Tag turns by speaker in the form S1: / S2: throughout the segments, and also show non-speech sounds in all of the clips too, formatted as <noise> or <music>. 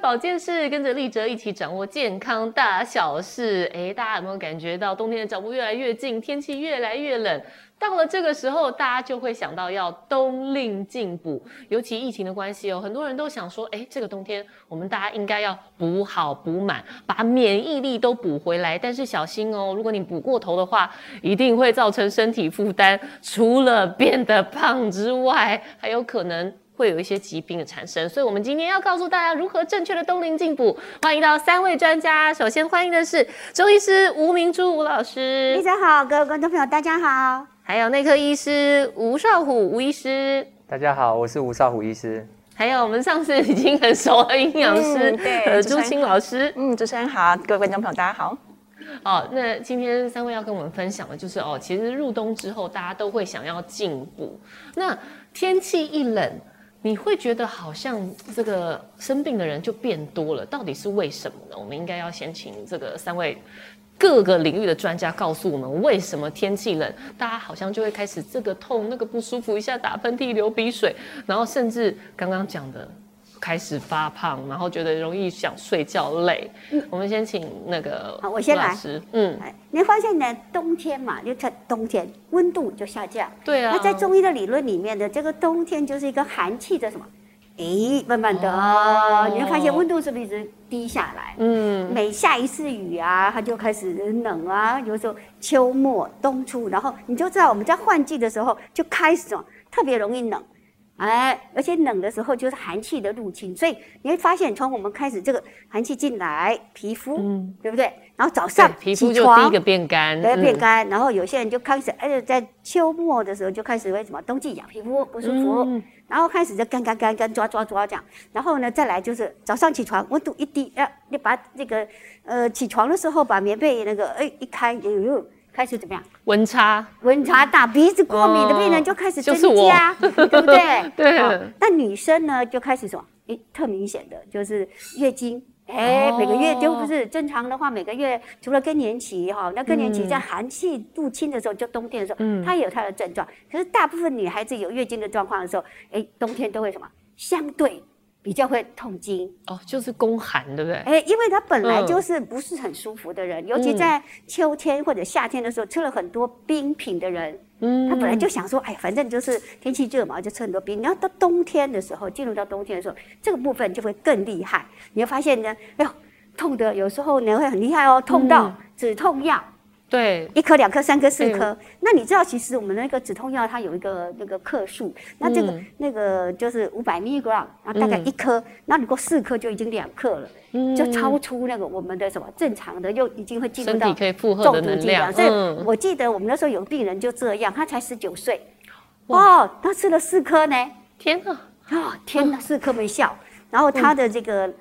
S1: 保健室跟着立喆一起掌握健康大小事。欸，大家有沒有感覺到冬天的腳步越來越近，天氣越來越冷？到了這個時候，大家就會想到要冬令進補。尤其疫情的關係哦，很多人都想說，欸，這個冬天我們大家應該要補好補滿，把免疫力都補回來。但是小心哦，如果你補過頭的話，一定會造成身體負擔，除了變得胖之外，還有可能。會有一些疾病的產生，所以，我們今天要告訴大家如何正確的冬令進補。歡迎到三位專家，首先歡迎的是中醫師吳明珠吳老師。大家好，各位觀眾朋友，大家好。還有內科醫師吳紹琥吳醫師。
S2: 大家好，我是吳紹琥醫師。
S1: 還有我們上次已經很熟了營養師，呃、嗯，對，朱青老師，嗯，主持人好，各位觀眾朋友，大家好。哦，那今天三位要跟我們分享的就是哦，其實入冬之後，大家都會想要進補，那天氣一冷，你會覺得好像這個生病的人就變多了，到底是為什麼呢？我們應該要先請這個三位各個領域的專家告訴我們，為什麼天氣冷，大家好像就會開始這個痛、那個不舒服，一下打噴嚏、流鼻水，然後甚至剛剛講的。開始發胖，然後覺得容易想睡覺、累。嗯、我們先請那個好，我先來。老師，嗯，
S3: 你你發現呢？冬天嘛，就在冬天，溫度就下降。對啊。那在中醫的理論裡面呢，這個冬天就是一個寒氣的什麼？哎、欸，慢慢的，哦、你會發現溫度是不是一直低下來？嗯。每下一次雨啊，它就開始冷啊。有時候秋末冬初，然後你就知道我們在換季的時候就開始啊，特別容易冷。哎，而且冷的時候就是寒氣的入侵，所以你會發現從我們開始這個寒氣進來，皮膚，嗯，對不對？然後早上起床，皮膚就第一個變
S1: 乾，對，變乾。
S3: 嗯、然後有些人就開始，而、哎、且在秋末的時候就開始為什麼冬季癢，皮膚不舒服，嗯、然後開始就乾乾乾乾抓抓抓這樣。然後呢，再來就是早上起床溫度一低，哎、啊，你把那、這個呃起床的時候把棉被那個哎一開，呦、嗯。嗯開始怎麼樣？
S1: 溫差，溫差大，鼻
S3: 子過敏的病人就開始增加，哦、就是、我 <laughs> 對不對？對。那、哦、女生呢，就開始什麼？哎，特明顯的就是月經。哎，每個月、哦、就不是正常的話，每個月除了更年期哈、哦，那更年期在寒氣入侵的時候，嗯、就冬天的時候，嗯，它也有它的症狀。可是大部分女孩子有月經的狀況的時候，哎，冬天都會什麼？相對。比較會痛經哦，就是宮寒，對不對？哎、欸，因為他本來就是不是很舒服的人，嗯、尤其在秋天或者夏天的時候，吃了很多冰品的人，嗯，他本來就想說，哎，反正就是天氣熱嘛，就吃很多冰。然後到冬天的時候，進入到冬天的時候，這個部分就會更厲害。你會發現呢，哎、呃、呦，痛得有時候呢會很厲害哦，痛到止痛藥。嗯對，一顆、兩顆、三顆、四顆。嗯、那你知道，其實我們那個止痛藥它有一個那個克數。那這個、嗯、那個就是五百 milligram，然後大概一顆。那如果四顆就已經兩克了，嗯、就超出那個我們的什麼正常的，又已經會進入到中毒身體可以負荷的劑量。這我記得我們那時候有病人就這樣，他才十九歲，哇、嗯哦，他吃了四顆呢！天哪、啊，哦、天啊天哪，嗯、四顆沒效，然後他的這個。嗯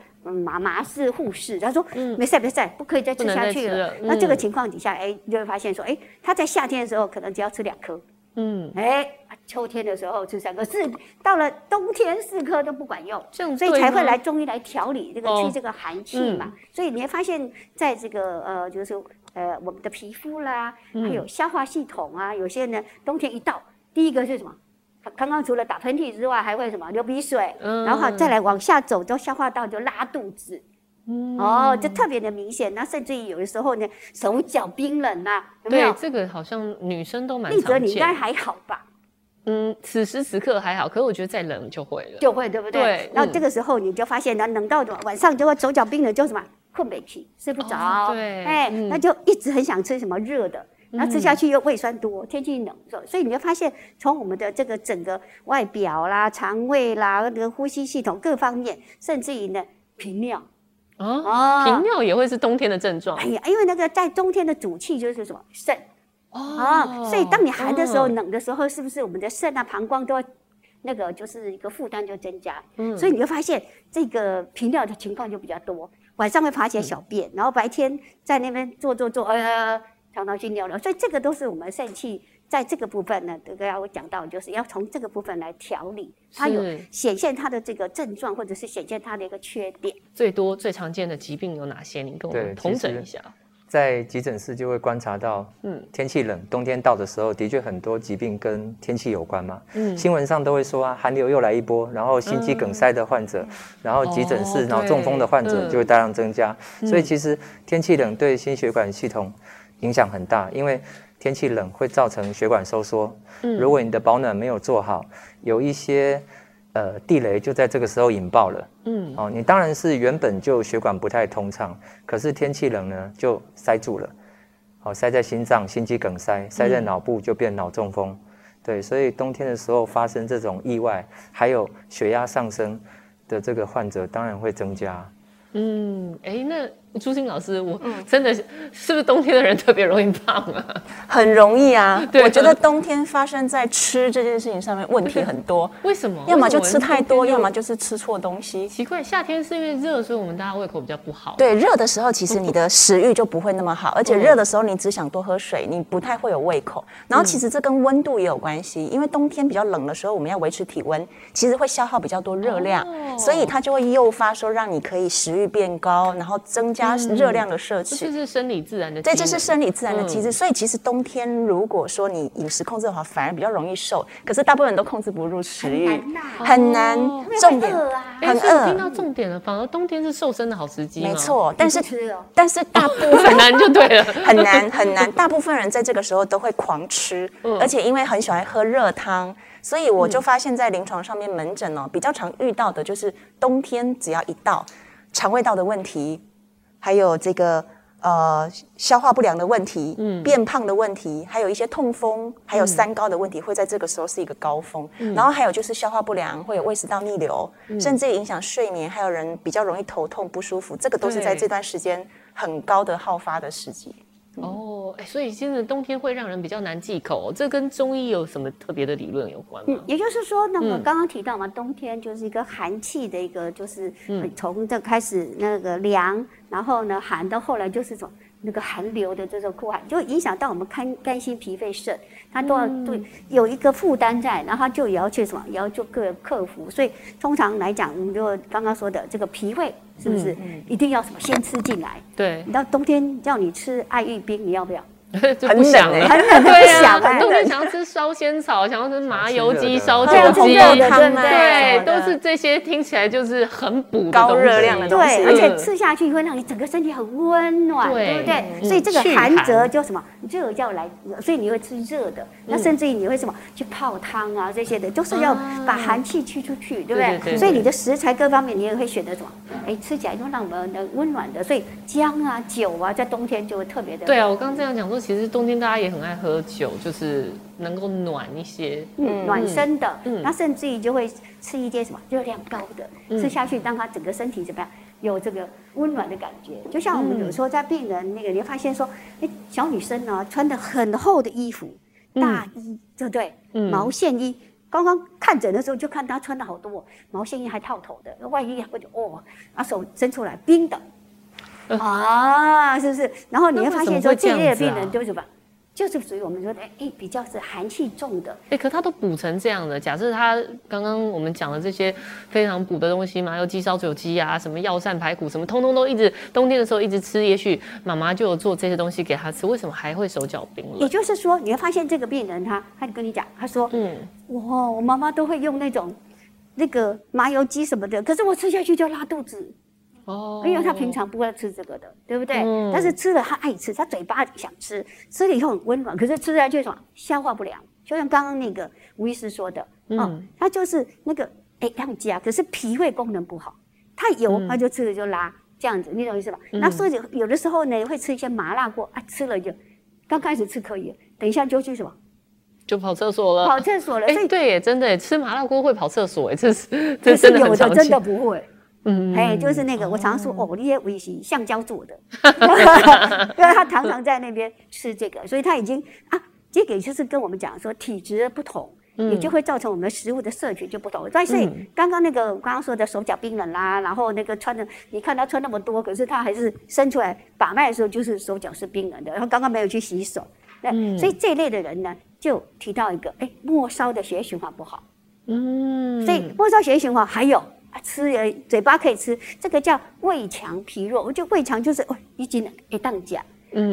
S3: 媽媽是護士，她說、嗯、沒事沒事，不可以再吃下去了。了嗯、那這個情況底下，哎、欸，你就會發現說，哎、欸，她在夏天的時候可能只要吃兩顆，嗯，哎、欸，秋天的時候吃三顆，四到了冬天四顆都不管用，所以才會來中醫來調理這個祛、哦、這個寒氣嘛。嗯、所以你會發現，在這個呃，就是說呃，我們的皮膚啦，還有消化系統啊，有些人呢冬天一到，第一個是什麼？剛剛除了打噴嚏之外，還會什麼流鼻水，嗯、然後再來往下走，就消化道就拉肚子。嗯，哦，就特別的明顯。那甚至於有的時候呢，手腳冰冷啊，有沒有？對，這個
S1: 好像女生都
S3: 蠻常見。立喆，你應該還好吧？嗯，
S1: 此時此刻還好，可是我覺得再冷就會了，就會
S3: 對不對？對。然後這個時候你就發現，那冷到晚上就會手腳冰冷，就什麼困沒去，睡不着、哦。對，哎、欸，嗯、那就一直很想吃什麼熱的。然後吃下去又胃酸多，嗯、天氣一冷的時候，所以你會發現從我們的這個整個外表啦、腸胃啦、那、這個呼吸系統各方面，甚至於呢，頻尿。啊、哦，頻、哦、頻尿也會是冬天的症狀。哎呀，因為那個在冬天的主氣就是什麼腎。哦，哦。所以當你寒的時候、哦、冷的時候，是不是我們的腎啊、膀胱都那個就是一個負擔就增加？嗯。所以你會發現這個頻尿的情況就比較多，晚上會爬起來小便，嗯、然後白天在那邊坐坐坐，哎呀。尿尿，所以這個都是我們腎氣在這個部分呢，跟我講到，就是要從這個部分來調理。它有顯現它的這個症狀，或者是顯現它的一個缺點。
S1: 是最多最常見的疾病有哪些？你跟我們統整一下。
S2: 在急診室就會觀察到，嗯，天氣冷，冬天到的時候，的確很多疾病跟天氣有關嘛。嗯，新聞上都會說啊，寒流又來一波，然後心肌梗塞的患者，嗯、然後急診室腦中風的患者就會大量增加。嗯、所以其實天氣冷對心血管系統。影響很大，因為天氣冷會造成血管收縮。如果你的保暖沒有做好，嗯、有一些呃地雷就在這個時候引爆了。嗯，哦，你當然是原本就血管不太通暢，可是天氣冷呢就塞住了。哦，塞在心臟，心肌梗塞；塞在腦部就變腦中風。嗯、對，所以冬天的時候發生這種意外，還有血壓上升的這個患者當然會增加。嗯，
S1: 哎，那。朱青老師，我真的是，嗯、是不是冬天的人特別容易胖啊？
S2: 很容易啊，對我覺得
S1: 冬天發生在吃這件事情上面問題很多。為什麼？要麼就吃太多，為什麼要麼就是吃錯東西。奇怪，夏天是因為熱的時候我們大家胃口比較不好，啊。對，熱的
S4: 時候其實你的食慾就不會那麼好，嗯，而且熱的時候你只想多喝水，你不太會
S1: 有胃口。然後其實
S4: 這跟溫度也有關係，嗯，因為冬天比較冷的時候，我們要維持體溫，其實會消耗比較多熱量，oh. 所以它就會誘發說讓你可以食慾變高，然後增。加熱量的
S1: 攝取，這是生理自然的。對，這是生理自然的機制。
S4: 所以其實冬天，如果說你飲食控制的話，反而比較容易瘦。
S1: 可是大部分人都控制不住食慾，很難。重點，很餓。聽到重點了，反而冬天是瘦身的好時機。沒錯，但是
S4: 但是大部分難就對了，很難很難。大部分人在這個時候都會狂吃，而且因為很喜歡喝熱湯，所以我就發現在臨床上面門診喔，比較常遇到的就是冬天只要一到，腸胃道的問題。還有這個呃，消化不良的問題，嗯，變胖的問題，還有一些痛風，還有三高的問題，嗯、會在這個時候是一個高峰。嗯、然後還有就是消化不良，會有胃食道逆流，嗯、甚至也影響睡眠，還有人比較容易頭痛不舒服，這個都是在這段時間很高的好發的時機。哦對。
S1: 嗯 oh. 欸、所以現在冬天會讓人比較難忌口喔，這跟中醫有什麼特別的
S3: 理論有關嗎？嗯？也就是說，那麼剛剛提到嘛，嗯、冬天就是一個寒氣的一個，就是從、嗯、這開始那個涼，然後呢寒到後來就是種那個寒流的這種酷寒，就影響到我們肝肝、心脾、肺腎，它都要對有一個負擔在，然後就也要去什麼，也要就各克服。所以通常來講，我們就剛剛說的這個脾胃，是不是一定要什麼先吃進來？對，你到冬天叫你吃愛玉冰，你要不要？很就不想了，對啊，冷想要吃燒仙草，想要
S1: 吃麻油雞、燒酒雞，對，都是這些聽起來就是很補、高熱量的東西。對，而且吃
S3: 下去會讓你整個身體很溫暖，對不對？所以這個寒則就什麼，熱叫來，所以你會吃熱的。那甚至於你會什麼去泡湯啊，這些的，就是要把寒氣驅出去，對不對？所以你的食材各方面，你也會選擇什麼？哎，吃起來又讓我們溫暖的，所以薑啊、酒啊，在冬天就會特別的。對啊，我
S1: 剛這樣講其實冬天大家也很愛喝酒，就是能夠暖一些、嗯嗯、暖身
S3: 的。嗯，那甚至於就會吃一些什麼熱量高的，嗯、吃下去讓他整個身體怎麼樣，有這個溫暖的感覺。就像我們有時候在病人那個，你會發現說，哎、嗯欸，小女生呢、啊、穿的很厚的衣服、大衣，對不、嗯、對？嗯、毛線衣。剛剛看診的時候就看她穿的好多毛線衣，還套頭的，那外衣哦，他手伸出來冰的。啊，是不是？然後你會發現說，這些病人就是吧，什麼、就是屬於我們說的，哎、欸、哎，比較是寒氣重的。哎、欸，可他都
S1: 補成這樣的。假設他剛剛我們講的這些非常補的東西，麻油雞燒酒雞啊，什麼藥膳排骨，什麼通通都一直冬天的時候一直吃，也許媽媽就有做這些東西給他吃，為什麼還會手腳冰冷？也就
S3: 是說，你會發現這個病人，他他跟你講，他說，嗯對，哇，我媽媽都會用那種那個麻油雞什麼的，可是我吃下去就拉肚子。哦，因為他平常不會吃這個的，對不對？嗯、但是吃了他愛吃，他嘴巴想吃，吃了以後很溫暖。可是吃下去就什麼消化不良，就像剛剛那個吳醫師說的，嗯，他、嗯、就是那個哎要加，可是脾胃功能不好，太油、嗯、他就吃了就拉這樣子，你懂意思吧？嗯、那所以有的時候呢會吃一些麻辣鍋，哎、啊、吃了就剛開始吃可以了，等一下就去什麼，
S1: 就跑廁所了，跑廁所了。哎、欸，對耶，真的吃麻辣鍋會跑廁所哎，這是這是真的很常見。可是有的真的
S3: 不會。嗯，哎，就是那個，我常說哦，我、哦、你的胃是橡膠做的，因為他常常在那邊吃這個，所以他已經啊，這給、個、就是跟我們講說體質不同，嗯、也就會造成我們食物的攝取就不同。嗯、但是剛剛那個剛剛說的手腳冰冷啦、啊，嗯、然後那個穿的，你看他穿那麼多，可是他還是伸出來把脈的時候就是手腳是冰冷的。然後剛剛沒有去洗手，那、嗯、所以這一類的人呢，就提到一個哎，末梢的血液循環不好。嗯，所以末梢血液循環還有。吃嘴巴可以吃，這個叫胃強脾弱。我覺得胃強就是哦，一斤一擔假，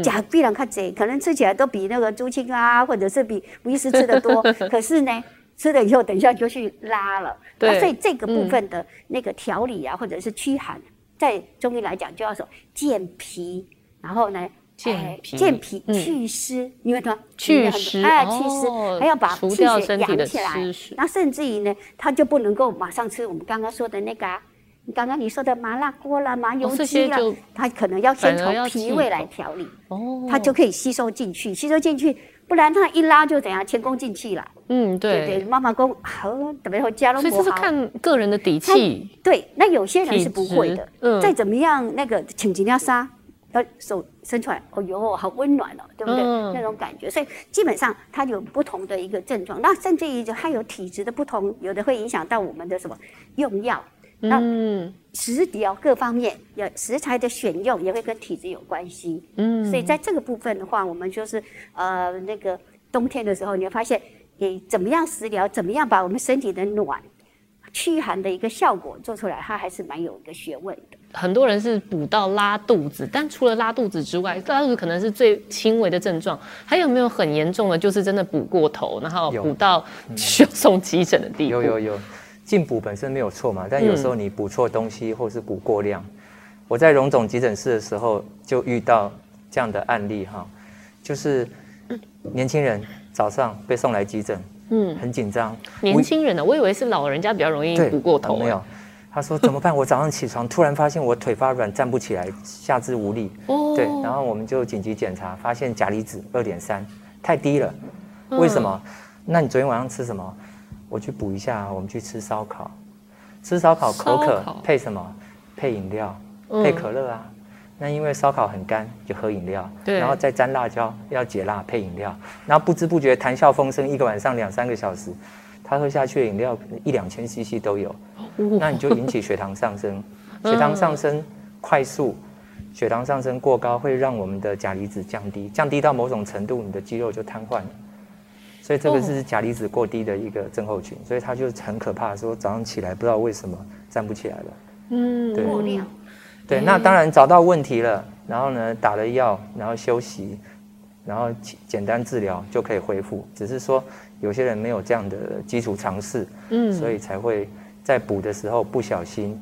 S3: 甲必然卡賊，可能吃起來都比那個朱青啊，或者是比吳斯吃的多。 <laughs> 可是呢，吃了以後等一下就去拉了。對啊、所以這個部分的那個調理啊，對或者是驅寒，嗯、在中醫來講就要說健脾，然後呢。健脾，健脾祛濕，因為它祛濕，哎，還要把氣血養起來。那甚至於呢，他就不能夠馬上吃我們剛剛說的那個，剛剛你說的麻辣鍋啦、麻油雞啦，他可能要先從脾胃來調理。哦，他就可以吸收進去，吸收進去，不然他一拉就怎樣，前功盡棄了。
S1: 嗯，對，對，
S3: 媽媽公，呵，怎麼說，家都不好。所以這是看
S1: 個人的底氣。
S3: 對，那有些人是不會的，再怎麼樣那個，請幾道殺。他手伸出來，哦喲、哦，好溫暖哦，對不對？嗯、那種感覺，所以基本上它有不同的一個症狀，那甚至於就還有體質的不同，有的會影響到我們的什麼用藥，那嗯、食療各方面，有食材的選用也會跟體質有關係。嗯，所以在這個部分的話，我們就是呃，那個冬天的時候，你會發現你怎麼樣食療，怎麼樣把我們身體的暖驅寒的一個效果做出來，它還是蠻有一個學問的。
S1: 很多人是補到拉肚子，但除了拉肚子之外，拉肚子可能是最輕微的症狀。還有沒有很嚴重的，就是真的補過頭，然後補到需要送急診的地步？嗯。有有
S2: 有，進補本身沒有錯嘛，但有時候你補錯東西或是補過量。嗯、我在榮總急診室的時候就遇到這樣的案例哈，就是年輕人早上被送來急診，嗯，很緊張。
S1: 年輕人的，我，我以為是老人家比較容易補過頭？嗯。
S2: 沒有。他說：“怎麼辦？我早上起床，突然發現我腿發軟，站不起來，下肢無力。哦、對，然後我們就緊急檢查，發現鉀離子二點三，太低了。嗯、為什麼？那你昨天晚上吃什麼？我去補一下，我們去吃燒烤。吃燒烤口渴，燒烤。配什麼？配飲料，配可樂啊。嗯、那因為燒烤很乾，就喝飲料。對，然後再沾辣椒，要解辣，配飲料。然後不知不覺談笑風生，一個晚上兩三個小時。”他喝下去的飲料一兩千 CC 都有，
S4: 哦、那你就引起
S2: 血糖上升，
S4: 哦、血糖上
S2: 升快速，嗯、血糖上升過高會讓我們的鉀離子降低，降低到某種程度，你的肌肉就癱瘓了。所以這個是鉀離子過低的一個症候群，哦、所以他就很可怕，說早上起來不知道為什麼站不起來
S3: 了。嗯，過量。
S2: 對，那當然找到問題了，然後呢，打了藥，然後休息，然後簡單治療就可以恢復，只是說。有些人沒有這樣的基礎常識，嗯，所以才會在補的時候不小心，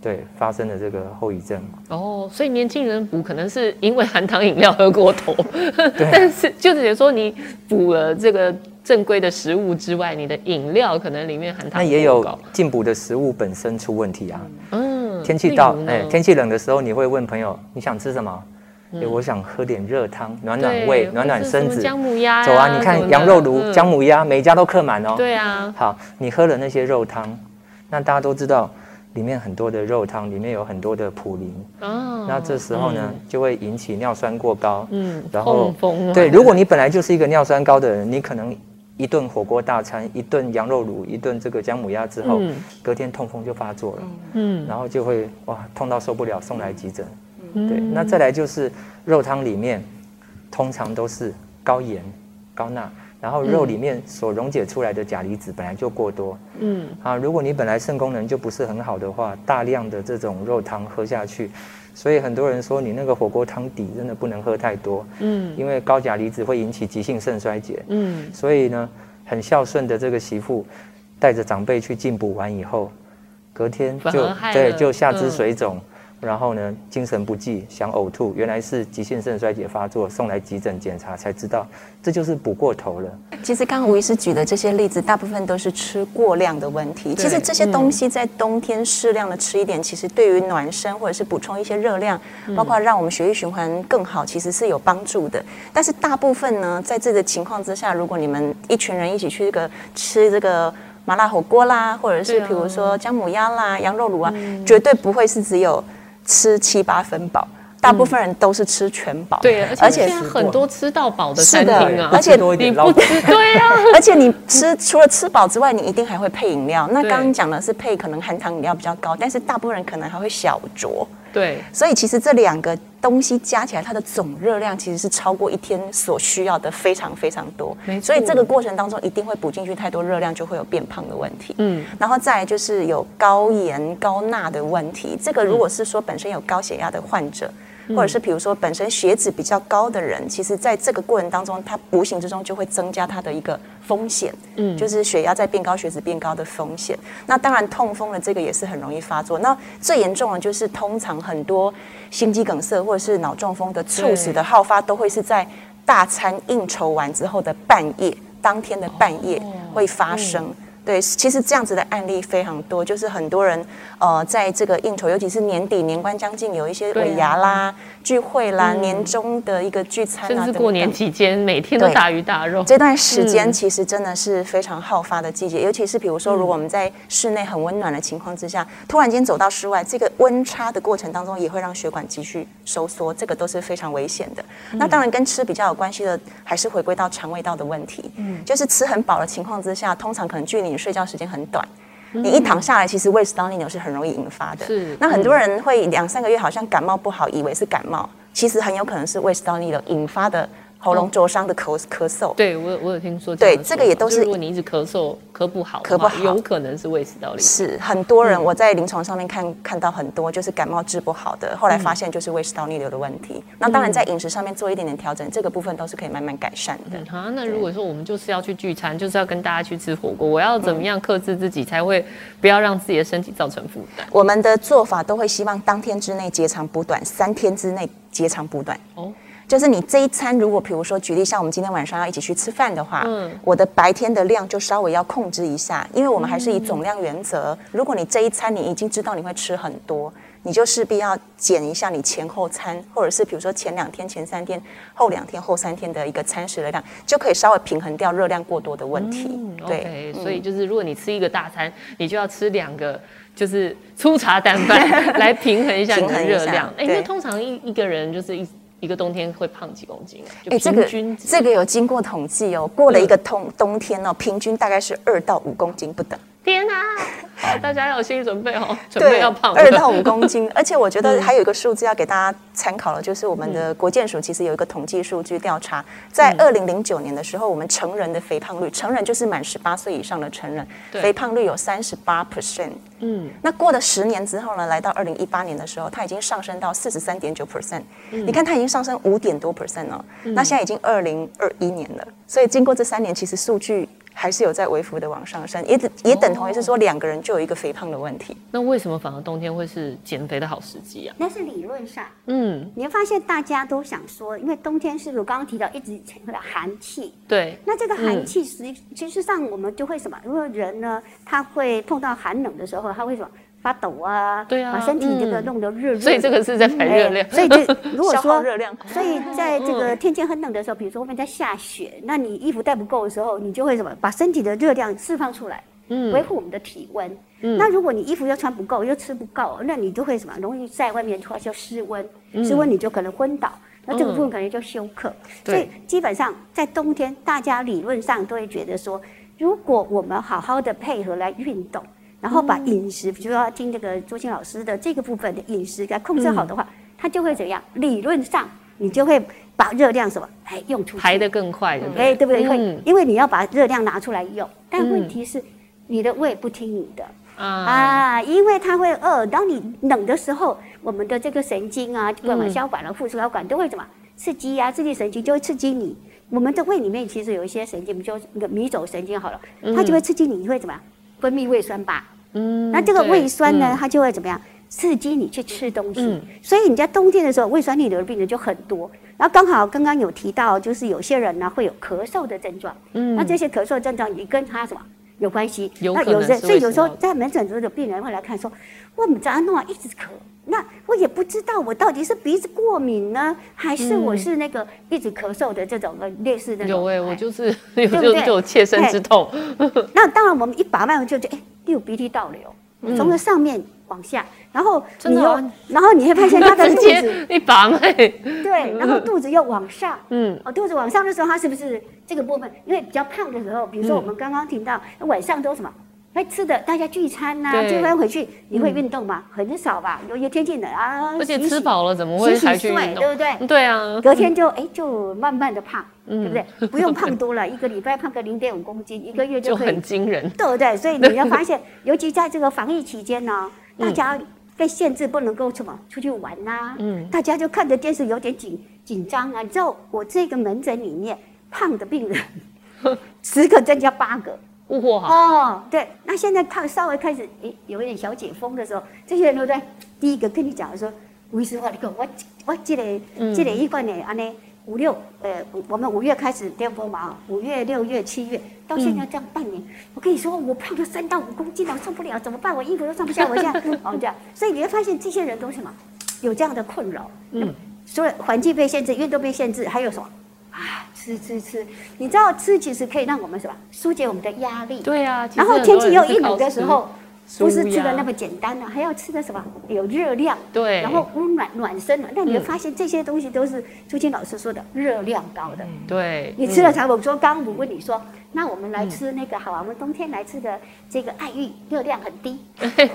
S2: 對，發生了這個後遺症嘛。
S1: 哦，所以年輕人補可能是因為含糖飲料喝過頭。 <laughs> 對但是就等於說，你補了這個正規的食物之外，你的飲料可能裡面含糖那。那也有
S2: 進補的食物本身出問題啊。嗯。
S1: 天氣到哎、欸，天氣
S2: 冷的時候，你會問朋友，你想吃什麼？哎，我想喝點熱湯，暖暖胃，暖暖身子。走啊，你看羊肉爐、薑母鴨，每家都客滿哦。對啊。好，你喝了那些肉湯，那大家都知道，裡面很多的肉湯裡面有很多的普林。那這時候呢，就會引起尿酸過高。嗯。然後，對，如果你本來就是一個尿酸高的人，你可能一頓火鍋大餐、一頓羊肉爐、一頓這個薑母鴨之後，隔天痛風就發作了。嗯。然後就會哇，痛到受不了，送來急診。
S1: 對，那再來
S2: 就是肉湯裡面通常都是高鹽、高鈉，然後肉裡面所溶解出來的鉀離子本來就過多。嗯，啊，如果你本來腎功能就不是很好的話，大量的這種肉湯喝下去，所以很多人說，你那個火鍋湯底真的不能喝太多。嗯，因為高鉀離子會引起急性腎衰竭。嗯，所以呢，很孝順的這個媳婦帶着長輩去進補完以後，隔天就對，就下肢水腫。嗯然後呢，精神不濟，想嘔吐，原來是急性腎衰竭發作，送來急診檢查才知道，這就是補過頭了。
S4: 其實剛剛吳醫師舉的這些例子，大部分都是吃過量的問題。對其實這些東西在冬天適量的吃一點，嗯、其實對於暖身或者是補充一些熱量，嗯、包括讓我們血液循環更好，其實是有幫助的。但是大部分呢，在這個情況之下，如果你們一群人一起去這個吃這個麻辣火鍋啦，或者是比如說薑母鴨啦、哦、羊肉爐啊，嗯、絕對不會是只有。吃七八分飽，大部分人都是吃全飽、嗯。對，而且現在很多
S1: 吃到飽的餐廳啊，而且，啊而且你不吃，對啊，而且你吃
S4: 除了吃飽之外，你一定還會配飲料。那剛剛講的是配可能含糖飲料比較高，但是大部分人可能還會小酌。
S1: 對，
S4: 所以其實這兩個。東西加起來，它的總熱量其實是超過一天所需要的非常非常多，所以這個過程當中一定會補進去太多熱量，就會有變胖的問題。嗯，然後再來就是有高鹽高鈉的問題，這個如果是說本身有高血壓的患者，或者是比如說本身血脂比較高的人，其實在這個過程當中，它無形之中就會增加它的一個風險，嗯，就是血壓在變高，血脂變高的風險。那當然，痛風的這個也是很容易發作。那最嚴重的就是通常很多心肌梗塞或者是腦中風的猝死的好發，都會是在大餐應酬完之後的半夜，當天的半夜會發生。哦嗯對，其實這樣子的案例非常多，就是很多人呃，在這個應酬，尤其是年底年關將近，有一些尾牙啦、啊、聚會啦，嗯、年終的一個聚
S1: 餐啊，甚至過年期間，等等每天都大魚大
S4: 肉。對是這段時間其實真的是非常好發的季節，尤其是比如說，如果我們在室內很溫暖的情況之下，突然間走到室外，這個溫差的過程當中，也會讓血管急劇收縮，這個都是非常危險的。嗯、那當然跟吃比較有關係的，還是回歸到腸胃道的問題，嗯，就是吃很飽的情況之下，通常可能距離睡覺時間很短，嗯、你一躺下來，其實胃食道逆流是很容易引發的。是那很多人會兩三個月好像感冒不好，以為是感冒，其實很有可能是胃食道逆流引發的。
S1: 喉嚨灼傷的咳嗽，嗯、對，我有我有聽說，說。對，這個也都是。如果你一直咳嗽咳不，咳不好，咳不好，有可能是胃食道逆流。是很多人，
S4: 我在臨床上面看看到很多，就是感冒治不好的，後來發現就是胃食道逆流的問題。嗯、那當然，在飲食上面做一點點調
S1: 整，嗯、這個部分都是可以慢慢改善的。好、嗯啊，那如果說我們就是要去聚餐，對就是要跟大家去吃火鍋，我要怎麼樣克制自己，才會不要讓自己的身體造成負擔？我們的做法都
S4: 會希望當天之內截長補短，三天之內截長補短。哦。就是你這一餐，如果比如說舉例，像我們今天晚上要一起去吃飯的話，嗯，我的白天的量就稍微要控制一下，因為我們還是以總量原則。嗯、如果你這一餐你已經知道你會吃很多，你就勢必要減一下你前後餐，或者是比如說前兩天、前三天、後兩天、後三天的一個餐食的量，就可以稍微平衡掉熱量過多的問題。嗯、對，okay, 嗯、所以就
S1: 是如果你吃一個大餐，你就要吃兩個，就是粗茶淡飯 <laughs> 來平衡一下你的熱量。哎，因為通常一一個人就是一。一個冬天會胖幾公斤？哎，這個
S4: 這個有經過統計哦，過了一個冬冬天哦、喔，平均大概是二到五公斤不等。
S1: 天啊！大家要有心理準備哦，準備要胖二到五公
S4: 斤。 <laughs> 而且我覺得還有一個數字要給大家參考了，就是我們的國健署其實有一個統計數據調查，在二零零九年的時候，我們成人的肥胖率（成人就是滿十八歲以上的成人）肥胖率有三十八 percent。嗯，對那過了十年之後呢，來到二零一八年的時候，它已經上升到四十三點九 percent。嗯、你看，它已經上升五點多 percent 了、哦。那現在已經二零二一年了，所以經過這三年，其實數據。還是有在微幅的往上升，也也等同於是說兩個人就有一個肥胖的問題。
S1: 那為什麼反而冬天會是減肥的好時機啊？
S3: 那是理論上，嗯，你會發現大家都想說，因為冬天是不是剛剛提到一直寒氣？對，那這個寒氣實、嗯、其實上我們就會什麼？如果人呢，他會碰到寒冷的時候，他會什麼？發抖啊，對啊，把身體這個弄得熱熱的，嗯嗯、所以這個是在排熱量，欸，所以這如果說所以在這個天氣很冷的時候，哎、呀比如說外面在下雪，嗯、那你衣服帶不夠的時候，你就會什麼？把身體的熱量釋放出來，維護我們的體溫。嗯、那如果你衣服又穿不夠，又吃不夠，那你就會什麼？容易在外面出來就失溫，失溫、嗯、你就可能昏倒，那這個部分可能就休克。嗯、所以基本上在冬天，大家理論上都會覺得說，如果我們好好的配合來運動，然後把飲食，比如說要聽這個朱青老師的這個部分的飲食給它控制好的話，嗯、它就會怎樣？理論上，你就會把熱量什麼哎用出來排
S1: 得更快對，okay, 對不對？對不、嗯、
S3: 因為你要把熱量拿出來用，但問題是你的胃不聽你的、嗯、啊，因為它會餓、呃。當你冷的時候，我們的這個神經啊，胃管、消管啊副屬小管都會怎麼刺激啊？自律神經就會刺激你。我們的胃裡面其實有一些神經，比如說那個迷走神經好了，它就會刺激你，你會怎麼樣？分泌胃酸吧，嗯，那這個胃酸呢，嗯、它就會怎麼樣刺激你去吃東西，嗯、所以你在冬天的時候胃酸逆流的病人就很多。然後剛好剛剛有提到，就是有些人呢會有咳嗽的症狀，嗯，那這些咳嗽的症狀也跟他什麼有關係？有可能。所以有時候在門診的時候，病人會來看說，我怎麼弄啊，一直咳。那我也不知道，我到底是鼻子過敏呢，還是我是那個一直咳嗽的這種劣類似那種。有誒、欸，我就是有這種切身之痛。對 <laughs> 那當然，我們一把脈就覺得哎，又、欸、有鼻涕倒流，從這、嗯、上面往下，然後你又，啊、然後你會發現他的肚子直接一把脈，對，然後肚子又往上，嗯，哦，肚子往上的時候，他是不是這個部分？因為比較胖的時候，比如說我們剛剛聽到、嗯、晚上都什麼？哎，吃的大家聚餐吶，聚餐回去你會運動嗎？很少吧，有有天氣冷啊。而且吃飽了怎麼會才去運動？對不對？對啊，隔天就哎就慢慢的胖，對不對？不用胖多了，一個禮拜胖個零點五公斤，一個月就會很驚人，對不對？所以你要發現，尤其在這個防疫期間呢，大家被限制不能夠什麼出去玩吶，嗯，大家就看着電視有點緊緊張啊。你知道我這個門診裡面胖的病人十個增加八個。會哦，對，那現在開稍微開始，誒、欸，有一點小解封的時候，這些人都在第一個跟你講、嗯、說，說實話，我、這個嗯、我積累積累一半年啊，呢五六呃，我們五月開始巔峰嘛，五月六月七月到現在這樣半年，嗯、我跟你說我胖了三到五公斤了，我受不了，怎麼辦？我衣服都穿不下， <laughs> 我這樣我們講，所以你會發現這些人都是什麼，有這樣的困擾，嗯，所以環境被限制，運動被限制，還有什麼？啊，吃吃吃，你知道吃其實可以讓我們什麼？疏解我們的壓力。對啊，然後天氣又陰冷的時候。嗯不是吃的那麼簡單呢，還要吃的什麼有熱量，對，然後溫暖暖身的。那你會發現這些東西都是朱青老師說的熱量高的。
S1: 對，你吃了
S3: 才。我說，剛剛我問你說，那我們來吃那個好，我們冬天來吃的這個愛玉熱量很低，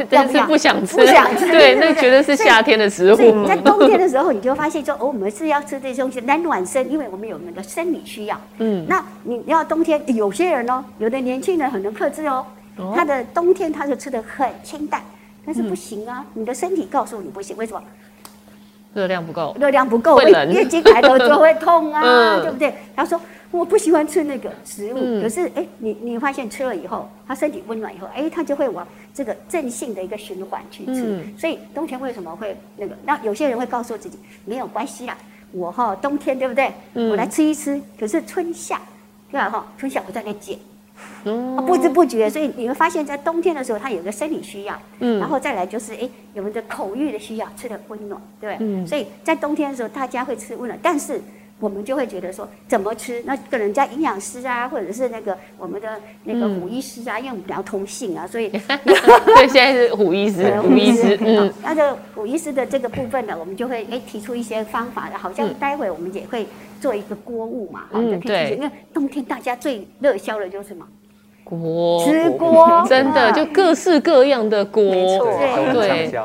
S3: 但是不想吃。不想吃，對，那覺得是夏天的食物。在冬天的時候，你就發現說，哦，我們是要吃這些東西來暖身，因為我們有那個生理需要。嗯，那你要冬天有些人呢，有的年輕人很能克制哦。他的冬天，他就吃得很清淡，但是不行啊，嗯、你的身體告訴你不行，為什麼？
S1: 熱量不夠，熱量不夠，你月經來頭就會痛啊，嗯、對不
S3: 對？他說我不喜歡吃那個食物，嗯、可是誒，你你發現吃了以後，他身體溫暖以後，誒，他就會往這個正性的一個循環去吃，嗯、所以冬天為什麼會那個？那有些人會告訴自己沒有關係啦，我哈冬天對不對？我來吃一吃，可是春夏對吧？哈，春夏我在那減。哦、不知不覺，所以你們發現，在冬天的時候，他有一個生理需要，嗯、然後再來就是，誒，我們的口欲的需要，吃的溫暖，對，嗯、所以在冬天的時候，大家會吃溫暖，但是我們就會覺得說，怎麼吃？那跟、個、人家營養師啊，或者是那個我們的那個吳醫師啊，嗯、因為我們比較同姓啊，所以，
S1: 嗯、 <laughs> 對，現在是琥醫師，琥醫師， <laughs>
S3: 琥醫師嗯，嗯那就琥醫師的這個部分呢，我們就會誒提出一些方法，好像待會我們也會。嗯做一個鍋物嘛，嗯好，對，因為冬天大家最熱銷的就是什麼
S1: 鍋？直鍋，真的哇就各式各樣的鍋，沒錯對。對對。